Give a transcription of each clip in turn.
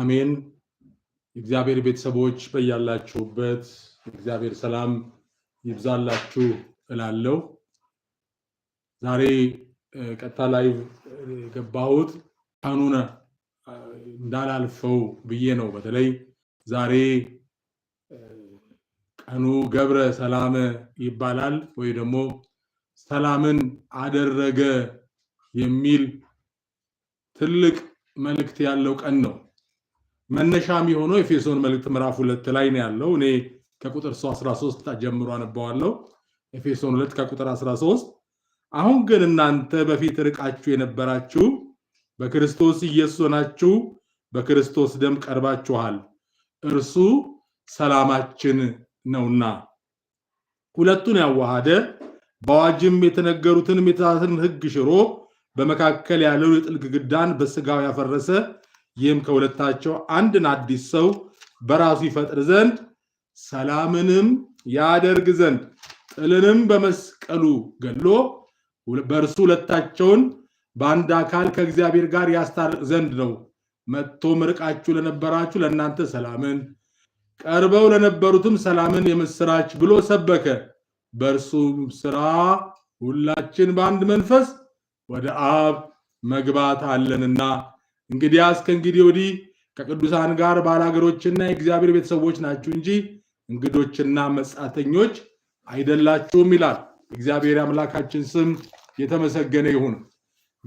አሜን። እግዚአብሔር ቤተሰቦች በያላችሁበት እግዚአብሔር ሰላም ይብዛላችሁ እላለሁ። ዛሬ ቀጥታ ላይ የገባሁት ቀኑን እንዳላልፈው ብዬ ነው። በተለይ ዛሬ ቀኑ ገብረ ሰላም ይባላል ወይ ደግሞ ሰላምን አደረገ የሚል ትልቅ መልእክት ያለው ቀን ነው። መነሻ የሚሆነው ኤፌሶን መልእክት ምዕራፍ ሁለት ላይ ነው ያለው። እኔ ከቁጥር 13 ጀምሮ አነባዋለሁ። ኤፌሶን ሁለት ከቁጥር 13 አሁን ግን እናንተ በፊት ርቃችሁ የነበራችሁ በክርስቶስ ኢየሱስ ሆናችሁ በክርስቶስ ደም ቀርባችኋል፣ እርሱ ሰላማችን ነውና ሁለቱን ያዋሃደ በአዋጅም የተነገሩትን የትእዛዛትን ሕግ ሽሮ በመካከል ያለውን የጥል ግድግዳን በስጋው ያፈረሰ ይህም ከሁለታቸው አንድን አዲስ ሰው በራሱ ይፈጥር ዘንድ ሰላምንም ያደርግ ዘንድ ጥልንም በመስቀሉ ገሎ በእርሱ ሁለታቸውን በአንድ አካል ከእግዚአብሔር ጋር ያስታርቅ ዘንድ ነው። መጥቶ ምርቃችሁ ለነበራችሁ ለእናንተ ሰላምን፣ ቀርበው ለነበሩትም ሰላምን የምስራች ብሎ ሰበከ። በእርሱ ስራ ሁላችን በአንድ መንፈስ ወደ አብ መግባት አለንና እንግዲያስ ከእንግዲህ ወዲህ ከቅዱሳን ጋር ባላገሮችና የእግዚአብሔር ቤተሰቦች ናችሁ እንጂ እንግዶችና መጻተኞች አይደላችሁም ይላል። እግዚአብሔር አምላካችን ስም የተመሰገነ ይሁን።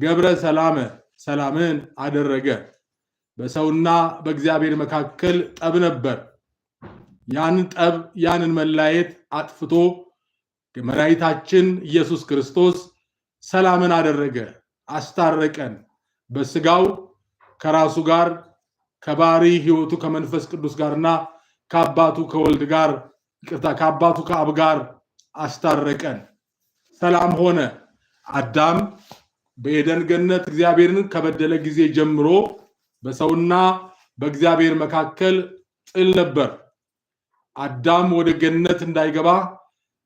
ገብረ ሰላመ ሰላምን አደረገ። በሰውና በእግዚአብሔር መካከል ጠብ ነበር። ያንን ጠብ ያንን መላየት አጥፍቶ መድኃኒታችን ኢየሱስ ክርስቶስ ሰላምን አደረገ፣ አስታረቀን በስጋው ከራሱ ጋር ከባሪ ህይወቱ ከመንፈስ ቅዱስ ጋርና ከአባቱ ከወልድ ጋር ይቅርታ ከአባቱ ከአብ ጋር አስታረቀን፣ ሰላም ሆነ። አዳም በኤደን ገነት እግዚአብሔርን ከበደለ ጊዜ ጀምሮ በሰውና በእግዚአብሔር መካከል ጥል ነበር። አዳም ወደ ገነት እንዳይገባ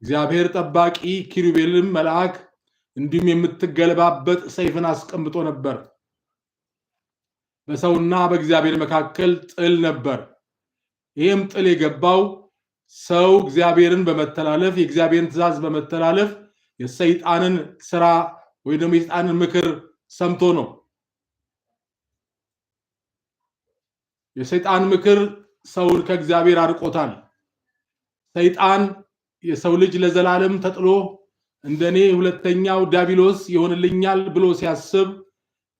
እግዚአብሔር ጠባቂ ኪሩቤልም መልአክ እንዲሁም የምትገለባበት ሰይፍን አስቀምጦ ነበር። በሰውና በእግዚአብሔር መካከል ጥል ነበር። ይህም ጥል የገባው ሰው እግዚአብሔርን በመተላለፍ የእግዚአብሔርን ትእዛዝ በመተላለፍ የሰይጣንን ስራ ወይ ደግሞ የሰይጣንን ምክር ሰምቶ ነው። የሰይጣን ምክር ሰውን ከእግዚአብሔር አርቆታል። ሰይጣን የሰው ልጅ ለዘላለም ተጥሎ እንደኔ ሁለተኛው ዳቢሎስ ይሆንልኛል ብሎ ሲያስብ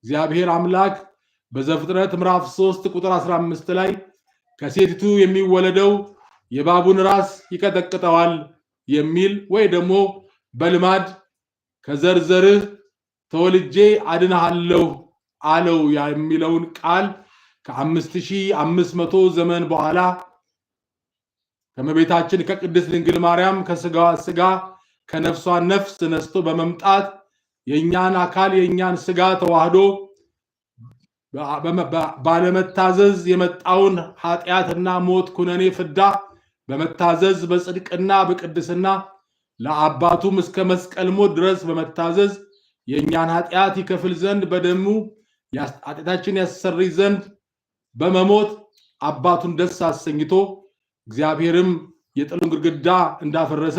እግዚአብሔር አምላክ በዘፍጥረት ምዕራፍ 3 ቁጥር 15 ላይ ከሴቲቱ የሚወለደው የባቡን ራስ ይቀጠቅጠዋል የሚል ወይ ደግሞ በልማድ ከዘርዘርህ ተወልጄ አድንሃለሁ አለው የሚለውን ቃል ከ5500 ዘመን በኋላ ከመቤታችን ከቅድስት ድንግል ማርያም ከስጋዋ ስጋ ከነፍሷ ነፍስ ነስቶ በመምጣት የእኛን አካል የእኛን ስጋ ተዋህዶ ባለመታዘዝ የመጣውን ኃጢአትና ሞት ኩነኔ ፍዳ በመታዘዝ በጽድቅና በቅድስና ለአባቱም እስከ መስቀል ሞት ድረስ በመታዘዝ የእኛን ኃጢአት ይከፍል ዘንድ በደሙ ኃጢአታችን ያሰሪ ዘንድ በመሞት አባቱን ደስ አሰኝቶ እግዚአብሔርም የጥሉን ግድግዳ እንዳፈረሰ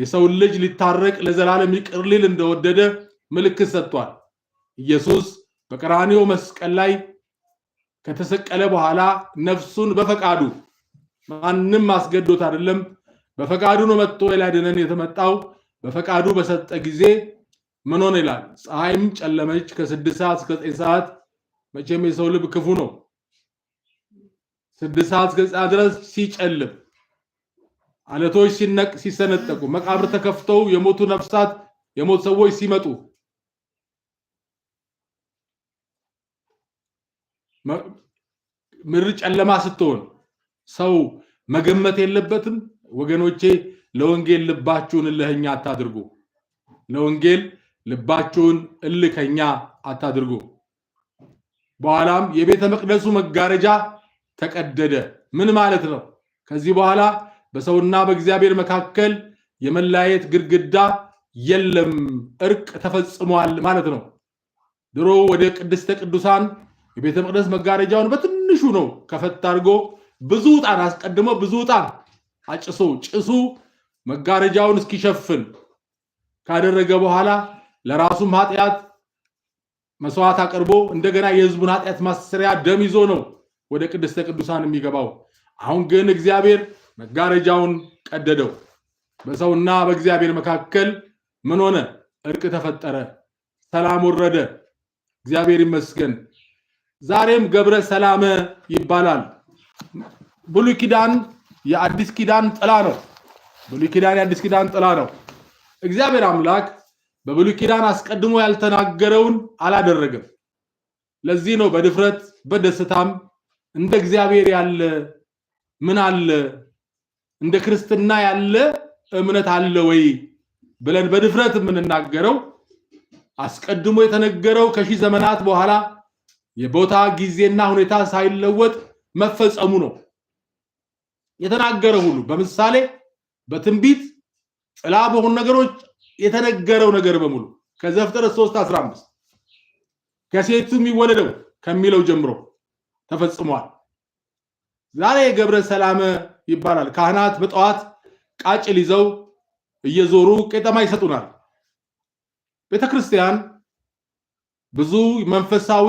የሰውን ልጅ ሊታረቅ ለዘላለም ይቅር ሊል እንደወደደ ምልክት ሰጥቷል። ኢየሱስ በቀራኒዮ መስቀል ላይ ከተሰቀለ በኋላ ነፍሱን በፈቃዱ ማንም አስገዶት አይደለም፣ በፈቃዱ ነው መጥቶ ሊያድነን የተመጣው። በፈቃዱ በሰጠ ጊዜ ምን ሆነ ይላል። ፀሐይም ጨለመች ከስድስት ሰዓት እስከ ዘጠኝ ሰዓት። መቼም የሰው ልብ ክፉ ነው። ስድስት ሰዓት እስከ ዘጠኝ ድረስ ሲጨልም አለቶች ሲነቅ ሲሰነጠቁ መቃብር ተከፍተው የሞቱ ነፍሳት የሞቱ ሰዎች ሲመጡ ምድር ጨለማ ስትሆን ሰው መገመት የለበትም። ወገኖቼ ለወንጌል ልባችሁን እልህኛ አታድርጉ። ለወንጌል ልባችሁን እልከኛ አታድርጉ። በኋላም የቤተ መቅደሱ መጋረጃ ተቀደደ። ምን ማለት ነው? ከዚህ በኋላ በሰውና በእግዚአብሔር መካከል የመለያየት ግድግዳ የለም፣ እርቅ ተፈጽሟል ማለት ነው። ድሮ ወደ ቅድስተ ቅዱሳን የቤተ መቅደስ መጋረጃውን በትንሹ ነው ከፈት አድርጎ ብዙ ዕጣን አስቀድሞ ብዙ ዕጣን አጭሶ ጭሱ መጋረጃውን እስኪሸፍን ካደረገ በኋላ ለራሱም ኃጢአት መስዋዕት አቅርቦ እንደገና የህዝቡን ኃጢአት ማሰሪያ ደም ይዞ ነው ወደ ቅድስተ ቅዱሳን የሚገባው። አሁን ግን እግዚአብሔር መጋረጃውን ቀደደው። በሰውና በእግዚአብሔር መካከል ምን ሆነ? እርቅ ተፈጠረ፣ ሰላም ወረደ። እግዚአብሔር ይመስገን። ዛሬም ገብረ ሰላመ ይባላል። ብሉይ ኪዳን የአዲስ ኪዳን ጥላ ነው። ብሉይ ኪዳን የአዲስ ኪዳን ጥላ ነው። እግዚአብሔር አምላክ በብሉይ ኪዳን አስቀድሞ ያልተናገረውን አላደረገም። ለዚህ ነው በድፍረት በደስታም እንደ እግዚአብሔር ያለ ምን አለ እንደ ክርስትና ያለ እምነት አለ ወይ ብለን በድፍረት የምንናገረው። አስቀድሞ የተነገረው ከሺህ ዘመናት በኋላ የቦታ ጊዜና ሁኔታ ሳይለወጥ መፈጸሙ ነው የተናገረ ሁሉ በምሳሌ በትንቢት ጥላ በሆኑ ነገሮች የተነገረው ነገር በሙሉ ከዘፍጥረት 3 15 ከሴቱ የሚወለደው ከሚለው ጀምሮ ተፈጽሟል። ዛሬ የገብረ ሰላም ይባላል። ካህናት በጠዋት ቃጭል ይዘው እየዞሩ ቄጠማ ይሰጡናል። ቤተክርስቲያን ብዙ መንፈሳዊ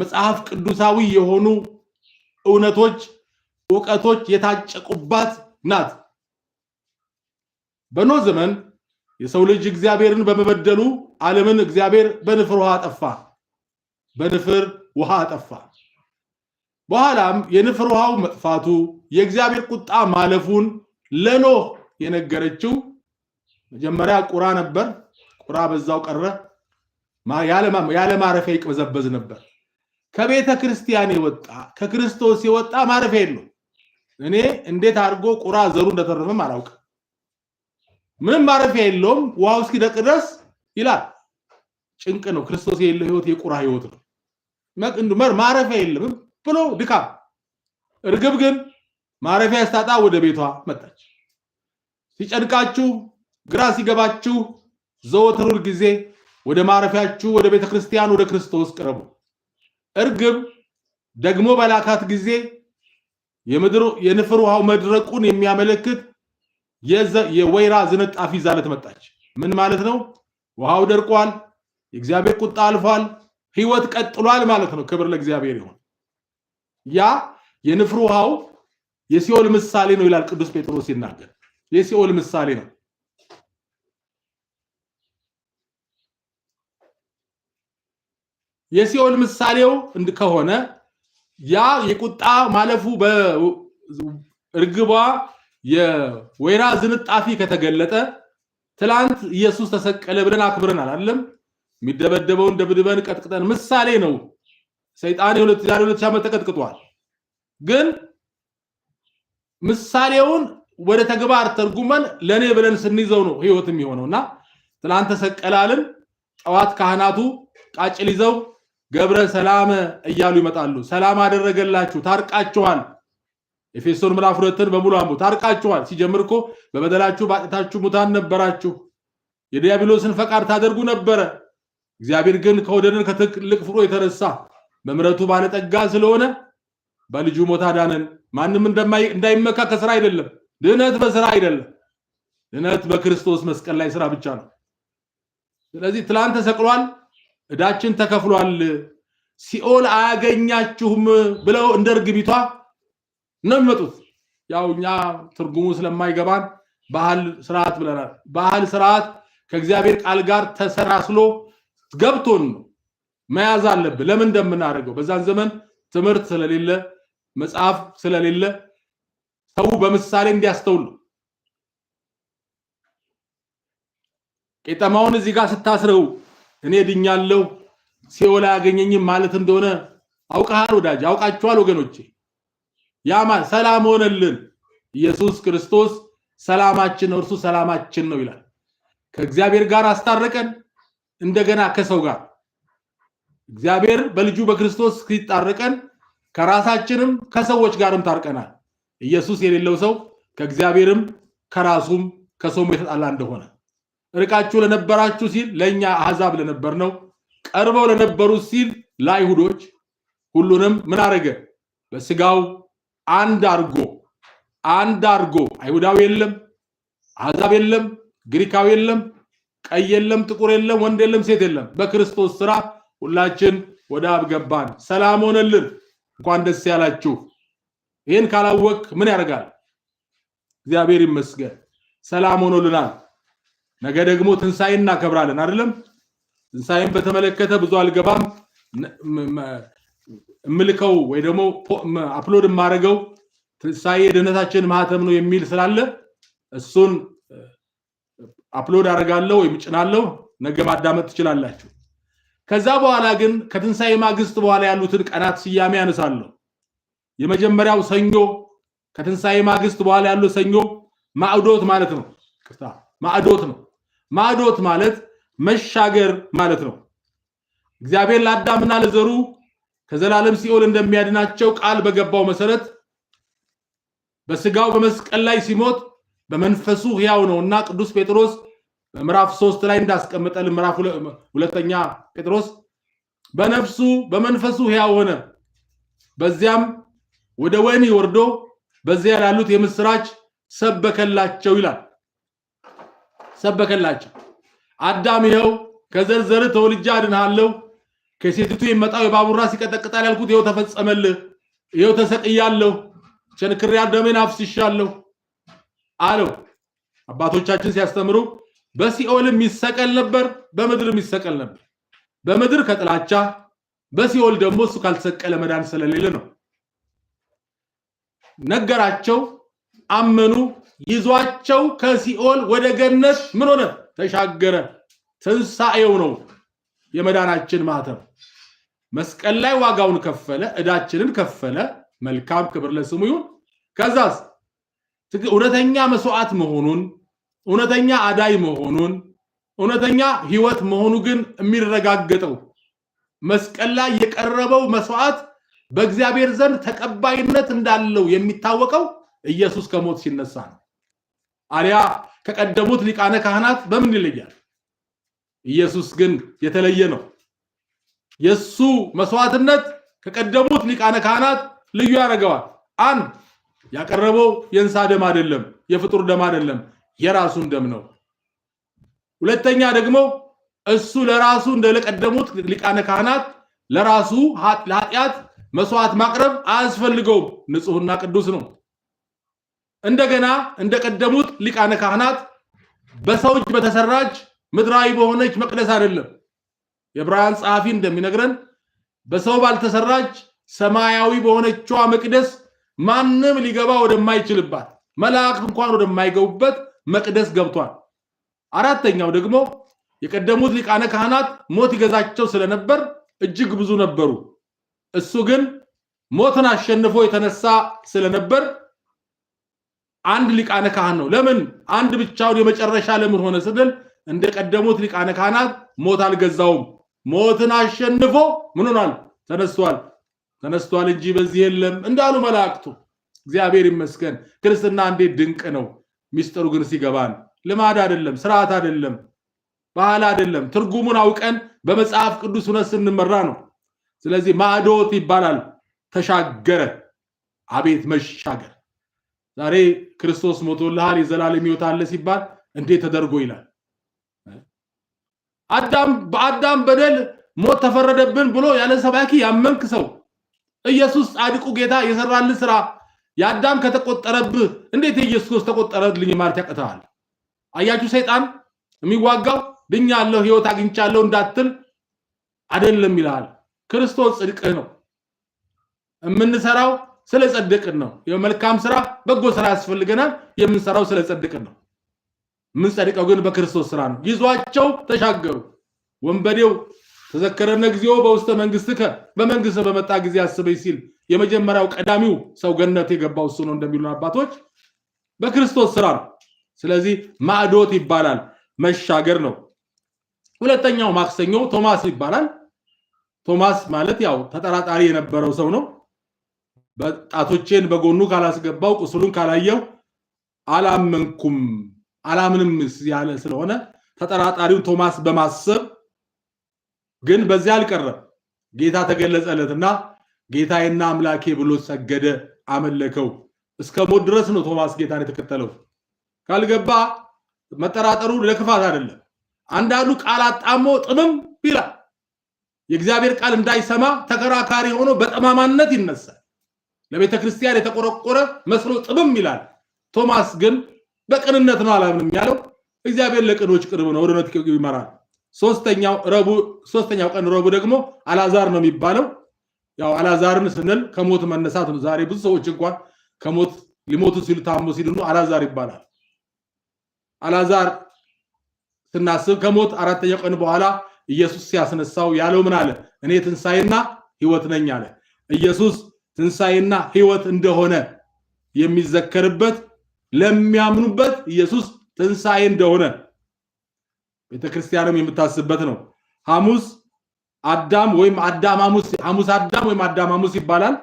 መጽሐፍ ቅዱሳዊ የሆኑ እውነቶች፣ እውቀቶች የታጨቁባት ናት። በኖህ ዘመን የሰው ልጅ እግዚአብሔርን በመበደሉ ዓለምን እግዚአብሔር በንፍር ውሃ አጠፋ። በንፍር ውሃ አጠፋ። በኋላም የንፍር ውሃው መጥፋቱ የእግዚአብሔር ቁጣ ማለፉን ለኖህ የነገረችው መጀመሪያ ቁራ ነበር። ቁራ በዛው ቀረ። ያለ ማረፊያ ይቅበዘበዝ ነበር። ከቤተ ክርስቲያን የወጣ ከክርስቶስ የወጣ ማረፊያ የለውም። እኔ እንዴት አድርጎ ቁራ ዘሩ እንደተረፈም አላውቅም። ምንም ማረፊያ የለውም ውሃው እስኪደቅ ድረስ ይላል። ጭንቅ ነው። ክርስቶስ የሌለው ህይወት የቁራ ህይወት ነው። መር ማረፊያ የለም ብሎ ድካም። እርግብ ግን ማረፊያ ስታጣ ወደ ቤቷ መጣች። ሲጨንቃችሁ፣ ግራ ሲገባችሁ ዘወትር ጊዜ ወደ ማረፊያችሁ ወደ ቤተ ክርስቲያን ወደ ክርስቶስ ቅረቡ። እርግብ ደግሞ በላካት ጊዜ የንፍር ውሃው መድረቁን የሚያመለክት የወይራ ዝንጣፊ ይዛለት መጣች። ምን ማለት ነው? ውሃው ደርቋል፣ የእግዚአብሔር ቁጣ አልፏል፣ ህይወት ቀጥሏል ማለት ነው። ክብር ለእግዚአብሔር ይሁን። ያ የንፍር ውሃው የሲኦል ምሳሌ ነው ይላል ቅዱስ ጴጥሮስ ሲናገር፣ የሲኦል ምሳሌ ነው። የሲኦል ምሳሌው ከሆነ ያ የቁጣ ማለፉ በእርግቧ የወይራ ዝንጣፊ ከተገለጠ ትላንት ኢየሱስ ተሰቀለ ብለን አክብረን አላለም። የሚደበደበውን ደብድበን ቀጥቅጠን ምሳሌ ነው። ሰይጣን የሁለት ዛሬ ሁለት ሺህ ዓመት ተቀጥቅጧል። ግን ምሳሌውን ወደ ተግባር ተርጉመን ለኔ ብለን ስንይዘው ነው ህይወት እና ትላንት ተሰቀላልን ጠዋት ካህናቱ ቃጭል ይዘው ገብረ ሰላም እያሉ ይመጣሉ። ሰላም አደረገላችሁ፣ ታርቃችኋል። ኤፌሶን ምዕራፍ ሁለትን በሙሉ አንቡ። ታርቃችኋል ሲጀምር እኮ በበደላችሁ በኃጢአታችሁ ሙታን ነበራችሁ፣ የዲያብሎስን ፈቃድ ታደርጉ ነበረ። እግዚአብሔር ግን ከወደደን ከትልቅ ፍቅሩ የተነሳ በምሕረቱ ባለጠጋ ስለሆነ በልጁ ሞት አዳነን። ማንም እንዳይመካ ከስራ አይደለም፣ ድህነት በስራ አይደለም። ድህነት በክርስቶስ መስቀል ላይ ስራ ብቻ ነው። ስለዚህ ትላንት ተሰቅሏል። እዳችን ተከፍሏል፣ ሲኦል አያገኛችሁም ብለው እንደ እርግቢቷ ነው የሚመጡት። ያው እኛ ትርጉሙ ስለማይገባን ባህል ስርዓት ብለናል። ባህል ስርዓት ከእግዚአብሔር ቃል ጋር ተሰራስሎ ገብቶን ነው መያዝ አለብን። ለምን እንደምናደርገው በዛን ዘመን ትምህርት ስለሌለ መጽሐፍ ስለሌለ ሰው በምሳሌ እንዲያስተውል ነው። ቄጠማውን እዚህ ጋር ስታስረው እኔ ድኛለሁ ሲኦል አያገኘኝም ማለት እንደሆነ አውቃሃል ወዳጅ፣ አውቃችኋል ወገኖቼ። ያማ ሰላም ሆነልን። ኢየሱስ ክርስቶስ ሰላማችን ነው፣ እርሱ ሰላማችን ነው ይላል። ከእግዚአብሔር ጋር አስታረቀን እንደገና ከሰው ጋር እግዚአብሔር በልጁ በክርስቶስ ሲጣረቀን ከራሳችንም ከሰዎች ጋርም ታርቀናል። ኢየሱስ የሌለው ሰው ከእግዚአብሔርም ከራሱም ከሰውም የተጣላ እንደሆነ ርቃችሁ ለነበራችሁ ሲል ለእኛ አሕዛብ ለነበር ነው። ቀርበው ለነበሩት ሲል ለአይሁዶች ሁሉንም ምን አደረገ? በስጋው አንድ አርጎ አንድ አርጎ አይሁዳዊ የለም፣ አሕዛብ የለም፣ ግሪካዊ የለም፣ ቀይ የለም፣ ጥቁር የለም፣ ወንድ የለም፣ ሴት የለም። በክርስቶስ ስራ ሁላችን ወደ አብ ገባን። ሰላም ሆነልን። እንኳን ደስ ያላችሁ። ይህን ካላወቅ ምን ያደርጋል? እግዚአብሔር ይመስገን ሰላም ሆኖልናል። ነገ ደግሞ ትንሣኤ እናከብራለን አይደለም? ትንሣኤን በተመለከተ ብዙ አልገባም። እምልከው ወይ ደግሞ አፕሎድ የማደርገው ትንሣኤ የድህነታችን ማህተም ነው የሚል ስላለ እሱን አፕሎድ አደርጋለሁ ወይም ጭናለሁ። ነገ ማዳመጥ ትችላላችሁ። ከዛ በኋላ ግን ከትንሣኤ ማግስት በኋላ ያሉትን ቀናት ስያሜ ያነሳለሁ። የመጀመሪያው ሰኞ፣ ከትንሣኤ ማግስት በኋላ ያሉት ሰኞ ማዕዶት ማለት ነው። ማዕዶት ነው። ማዶት ማለት መሻገር ማለት ነው። እግዚአብሔር ለአዳምና ለዘሩ ከዘላለም ሲኦል እንደሚያድናቸው ቃል በገባው መሰረት በስጋው በመስቀል ላይ ሲሞት በመንፈሱ ሕያው እና ቅዱስ ጴጥሮስ በምዕራፍ ሶስት ላይ እንዳስቀመጠልን ምዕራፍ ሁለተኛ ጴጥሮስ በነፍሱ በመንፈሱ ሕያው ሆነ፣ በዚያም ወደ ወህኒ ወርዶ በዚያ ላሉት የምስራች ሰበከላቸው ይላል። ሰበከላቸው። አዳም ይኸው ከዘርዘር ተወልጄ አድንሃለሁ፣ ከሴቲቱ የመጣው የባቡራ ሲቀጠቅጣል ያልኩት ይኸው ተፈጸመልህ፣ ይኸው ተሰቅያለሁ፣ ቸንክሬ ደሜን አፍስሻለሁ አለው። አባቶቻችን ሲያስተምሩ በሲኦልም ይሰቀል ነበር፣ በምድርም ይሰቀል ነበር። በምድር ከጥላቻ በሲኦል ደግሞ እሱ ካልተሰቀለ መዳን ስለሌለ ነው። ነገራቸው፣ አመኑ። ይዟቸው ከሲኦል ወደ ገነት ምን ሆነ? ተሻገረ። ትንሣኤው ነው የመዳናችን ማተም መስቀል ላይ ዋጋውን ከፈለ፣ እዳችንን ከፈለ። መልካም ክብር ለስሙ ይሁን። ከዛስ እውነተኛ መስዋዕት መሆኑን እውነተኛ አዳይ መሆኑን እውነተኛ ህይወት መሆኑ ግን የሚረጋገጠው መስቀል ላይ የቀረበው መስዋዕት በእግዚአብሔር ዘንድ ተቀባይነት እንዳለው የሚታወቀው ኢየሱስ ከሞት ሲነሳ ነው። አሊያ ከቀደሙት ሊቃነ ካህናት በምን ይለያል? ኢየሱስ ግን የተለየ ነው። የሱ መስዋዕትነት ከቀደሙት ሊቃነ ካህናት ልዩ ያደርገዋል። አንድ ያቀረበው የእንስሳ ደም አይደለም፣ የፍጡር ደም አይደለም፣ የራሱን ደም ነው። ሁለተኛ ደግሞ እሱ ለራሱ እንደለቀደሙት ሊቃነ ካህናት ለራሱ ለኃጢአት መስዋዕት ማቅረብ አያስፈልገውም። ንጹህና ቅዱስ ነው። እንደገና እንደቀደሙት ሊቃነ ካህናት በሰው እጅ በተሰራች ምድራዊ በሆነች መቅደስ አይደለም። የዕብራውያን ጸሐፊ እንደሚነግረን በሰው ባልተሰራች ሰማያዊ በሆነችዋ መቅደስ ማንም ሊገባ ወደማይችልባት መላእክት እንኳን ወደማይገቡበት መቅደስ ገብቷል። አራተኛው ደግሞ የቀደሙት ሊቃነ ካህናት ሞት ይገዛቸው ስለነበር እጅግ ብዙ ነበሩ። እሱ ግን ሞትን አሸንፎ የተነሳ ስለነበር አንድ ሊቃነ ካህን ነው። ለምን አንድ ብቻውን የመጨረሻ ለምን ሆነ ስንል እንደ ቀደሙት ሊቃነ ካህናት ሞት አልገዛውም። ሞትን አሸንፎ ምን ሆኗል? ተነስቷል። ተነስቷል እንጂ በዚህ የለም እንዳሉ መላእክቱ። እግዚአብሔር ይመስገን። ክርስትና እንዴት ድንቅ ነው! ሚስጥሩ ግን ሲገባን ልማድ አይደለም፣ ስርዓት አይደለም፣ ባህል አይደለም። ትርጉሙን አውቀን በመጽሐፍ ቅዱስ ሁነስ ስንመራ ነው። ስለዚህ ማዕዶት ይባላል። ተሻገረ። አቤት መሻገር ዛሬ ክርስቶስ ሞቶልሃል የዘላለም ሕይወት አለ ሲባል እንዴት ተደርጎ ይላል። አዳም በአዳም በደል ሞት ተፈረደብን ብሎ ያለ ሰባኪ ያመንክ ሰው ኢየሱስ ጻድቁ ጌታ የሰራልን ስራ የአዳም ከተቆጠረብህ እንዴት የኢየሱስ ተቆጠረልኝ ማለት ያቅተዋል። አያችሁ ሰይጣን የሚዋጋው ድኛለሁ፣ ህይወት አግኝቻለሁ እንዳትል አይደለም ይልሃል። ክርስቶስ ጽድቅህ ነው። የምንሰራው ስለ ጸደቅን ነው። የመልካም ስራ በጎ ስራ ያስፈልገናል። የምንሰራው ስለጸድቅን ነው። የምንጸድቀው ግን በክርስቶስ ስራ ነው። ይዟቸው ተሻገሩ። ወንበዴው ተዘከረነ ጊዜው በውስተ መንግስትከ በመንግስት በመጣ ጊዜ አስበኝ ሲል የመጀመሪያው ቀዳሚው ሰው ገነት የገባው እሱ ነው እንደሚሉን አባቶች በክርስቶስ ስራ ነው። ስለዚህ ማዕዶት ይባላል፣ መሻገር ነው። ሁለተኛው ማክሰኞ ቶማስ ይባላል። ቶማስ ማለት ያው ተጠራጣሪ የነበረው ሰው ነው። በጣቶቼን በጎኑ ካላስገባው ቁስሉን ካላየው አላመንኩም አላምንም ያለ ስለሆነ ተጠራጣሪው ቶማስ በማሰብ ግን በዚያ አልቀረም። ጌታ ተገለጸለትና ጌታዬና አምላኬ ብሎ ሰገደ፣ አመለከው። እስከ ሞት ድረስ ነው ቶማስ ጌታን የተከተለው። ካልገባ መጠራጠሩ ለክፋት አይደለም። አንዳንዱ ቃል አጣሞ ጥምም ይላል። የእግዚአብሔር ቃል እንዳይሰማ ተከራካሪ ሆኖ በጠማማነት ይነሳል። ለቤተ ክርስቲያን የተቆረቆረ መስሎ ጥብም ይላል። ቶማስ ግን በቅንነት ነው አላምንም ያለው። እግዚአብሔር ለቅኖች ቅርብ ነው፣ ወደ እውነት ይመራል። ሶስተኛው ቀን ረቡዕ ደግሞ አላዛር ነው የሚባለው። ያው አላዛርን ስንል ከሞት መነሳት ነው። ዛሬ ብዙ ሰዎች እንኳን ከሞት ሊሞቱ ሲሉ ታሞ ሲድኑ አላዛር ይባላል። አላዛር ስናስብ ከሞት አራተኛው ቀን በኋላ ኢየሱስ ሲያስነሳው ያለው ምን አለ? እኔ ትንሣኤና ሕይወት ነኝ አለ ኢየሱስ ትንሣኤና ሕይወት እንደሆነ የሚዘከርበት ለሚያምኑበት ኢየሱስ ትንሣኤ እንደሆነ ቤተክርስቲያንም የምታስብበት ነው። ሐሙስ አዳም ወይም አዳም ሐሙስ ሐሙስ አዳም ወይም አዳም ሐሙስ ይባላል።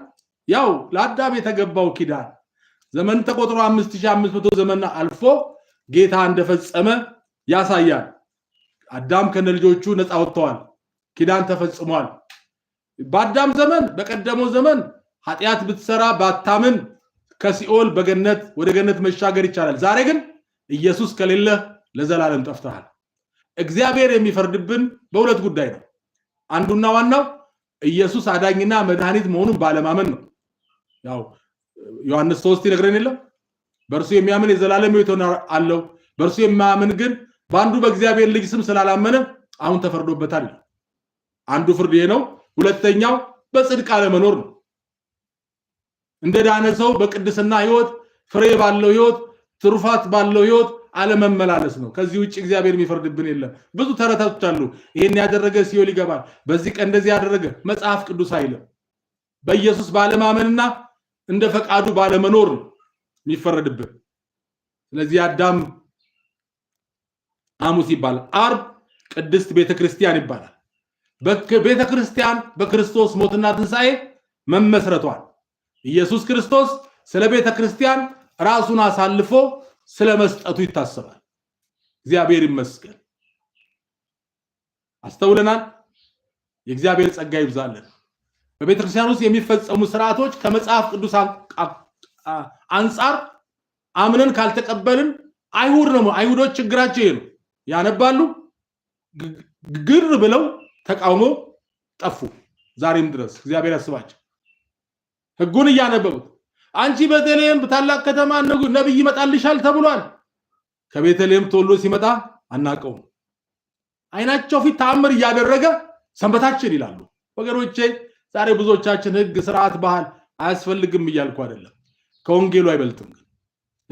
ያው ለአዳም የተገባው ኪዳን ዘመን ተቆጥሮ 5500 ዘመን አልፎ ጌታ እንደፈጸመ ያሳያል። አዳም ከነልጆቹ ነፃ ወጥተዋል። ኪዳን ተፈጽሟል። በአዳም ዘመን በቀደመው ዘመን ኃጢአት ብትሰራ ባታምን ከሲኦል በገነት ወደ ገነት መሻገር ይቻላል። ዛሬ ግን ኢየሱስ ከሌለ ለዘላለም ጠፍተሃል። እግዚአብሔር የሚፈርድብን በሁለት ጉዳይ ነው። አንዱና ዋናው ኢየሱስ አዳኝና መድኃኒት መሆኑን ባለማመን ነው። ያው ዮሐንስ ሶስት ይነግረን የለም በእርሱ የሚያምን የዘላለም ሕይወት አለው፣ በእርሱ የማያምን ግን በአንዱ በእግዚአብሔር ልጅ ስም ስላላመነ አሁን ተፈርዶበታል። አንዱ ፍርድ ይሄ ነው። ሁለተኛው በጽድቅ አለመኖር ነው። እንደ ዳነ ሰው በቅድስና ህይወት ፍሬ ባለው ህይወት ትሩፋት ባለው ህይወት አለመመላለስ ነው። ከዚህ ውጭ እግዚአብሔር የሚፈርድብን የለም። ብዙ ተረቶች አሉ። ይሄን ያደረገ ሲኦል ይገባል፣ በዚህ ቀን እንደዚህ ያደረገ መጽሐፍ ቅዱስ አይለም። በኢየሱስ ባለማመንና እንደ ፈቃዱ ባለመኖር የሚፈረድብን። ስለዚህ አዳም ሐሙስ ይባላል፣ አርብ ቅድስት ቤተክርስቲያን ይባላል። ቤተክርስቲያን በክርስቶስ ሞትና ትንሣኤ መመስረቷል። ኢየሱስ ክርስቶስ ስለ ቤተ ክርስቲያን ራሱን አሳልፎ ስለ መስጠቱ ይታሰባል። እግዚአብሔር ይመስገን። አስተውለናል። የእግዚአብሔር ጸጋ ይብዛለን። በቤተ ክርስቲያን ውስጥ የሚፈጸሙ ስርዓቶች ከመጽሐፍ ቅዱስ አንጻር አምነን ካልተቀበልን አይሁድ ነው። አይሁዶች ችግራቸው ይሄ ነው። ያነባሉ፣ ግር ብለው ተቃውሞ ጠፉ። ዛሬም ድረስ እግዚአብሔር ያስባቸው። ህጉን እያነበቡት አንቺ ቤተልሔም ታላቅ ከተማ ነቢይ ይመጣልሻል ተብሏል። ከቤተልሔም ቶሎ ሲመጣ አናቀውም። አይናቸው ፊት ተአምር እያደረገ ሰንበታችን ይላሉ። ወገኖቼ ዛሬ ብዙዎቻችን ህግ፣ ስርዓት፣ ባህል አያስፈልግም እያልኩ አይደለም። ከወንጌሉ አይበልጥም። ግን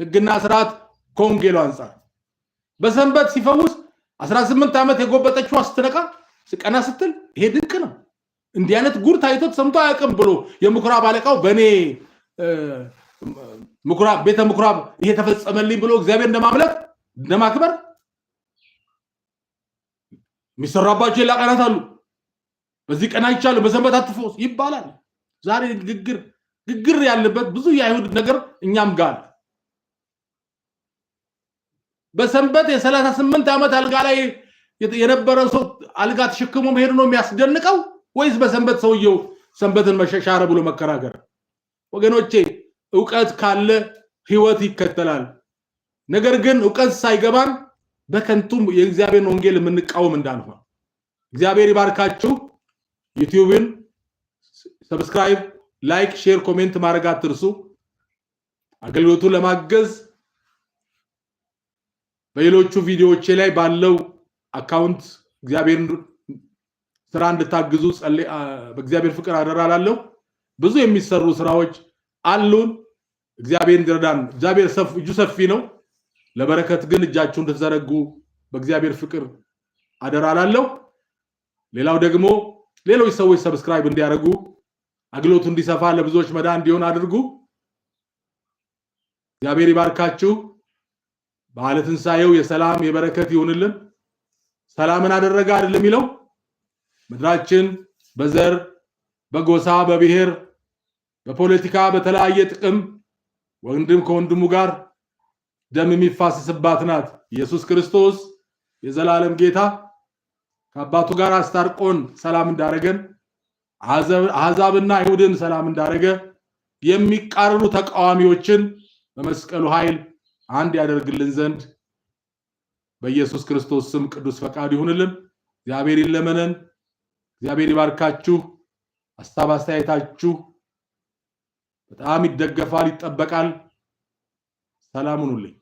ህግና ስርዓት ከወንጌሉ አንጻር በሰንበት ሲፈውስ 18 ዓመት የጎበጠችዋ ስትነቃ ስቀና ስትል ሄድ እንዲህ አይነት ጉድ ታይቶ ተሰምቶ አያውቅም ብሎ የምኩራብ አለቃው በእኔ ምኩራብ ቤተ ምኩራብ ይሄ ተፈጸመልኝ ብሎ እግዚአብሔር እንደማምለክ እንደማክበር የሚሰራባቸው ሌላ ቀናት አሉ። በዚህ ቀን አይቻልም፣ በሰንበት አትፎስ ይባላል። ዛሬ ግግር ግግር ያለበት ብዙ የአይሁድ ነገር እኛም ጋር በሰንበት የሰላሳ ስምንት ዓመት አልጋ ላይ የነበረ ሰው አልጋ ተሸክሞ መሄድ ነው የሚያስደንቀው። ወይስ በሰንበት ሰውየው ሰንበትን መሸሻረ ብሎ መከራከር? ወገኖቼ እውቀት ካለ ህይወት ይከተላል። ነገር ግን እውቀት ሳይገባን በከንቱም የእግዚአብሔርን ወንጌል የምንቃወም እንዳልሆን። እግዚአብሔር ይባርካችሁ። ዩቲዩብን ሰብስክራይብ፣ ላይክ፣ ሼር፣ ኮሜንት ማድረግ አትርሱ። አገልግሎቱን ለማገዝ በሌሎቹ ቪዲዮዎቼ ላይ ባለው አካውንት እግዚአብሔርን ስራ እንድታግዙ በእግዚአብሔር ፍቅር አደራ ብዙ የሚሰሩ ስራዎች አሉን። እግዚአብሔር እንዲረዳን እግዚአብሔር እጁ ሰፊ ነው። ለበረከት ግን እጃችሁ እንድትዘረጉ በእግዚአብሔር ፍቅር አደራ ሌላው ደግሞ ሌሎች ሰዎች ሰብስክራይብ እንዲያደርጉ አግሎቱ እንዲሰፋ ለብዙዎች መዳ እንዲሆን አድርጉ። እግዚአብሔር ይባርካችሁ። በዓለ ትንሣኤው የሰላም የበረከት ይሁንልን። ሰላምን አደረገ አይደለም የሚለው ምድራችን በዘር፣ በጎሳ፣ በብሔር፣ በፖለቲካ በተለያየ ጥቅም ወንድም ከወንድሙ ጋር ደም የሚፋሰስባት ናት። ኢየሱስ ክርስቶስ የዘላለም ጌታ ከአባቱ ጋር አስታርቆን ሰላም እንዳደረገን አሕዛብና አይሁድን ሰላም እንዳደረገ የሚቃረኑ ተቃዋሚዎችን በመስቀሉ ኃይል አንድ ያደርግልን ዘንድ በኢየሱስ ክርስቶስ ስም ቅዱስ ፈቃድ ይሁንልን። እግዚአብሔር ይለመነን። እግዚአብሔር ይባርካችሁ። ሀሳብ አስተያየታችሁ በጣም ይደገፋል፣ ይጠበቃል። ሰላም ሁኑልኝ።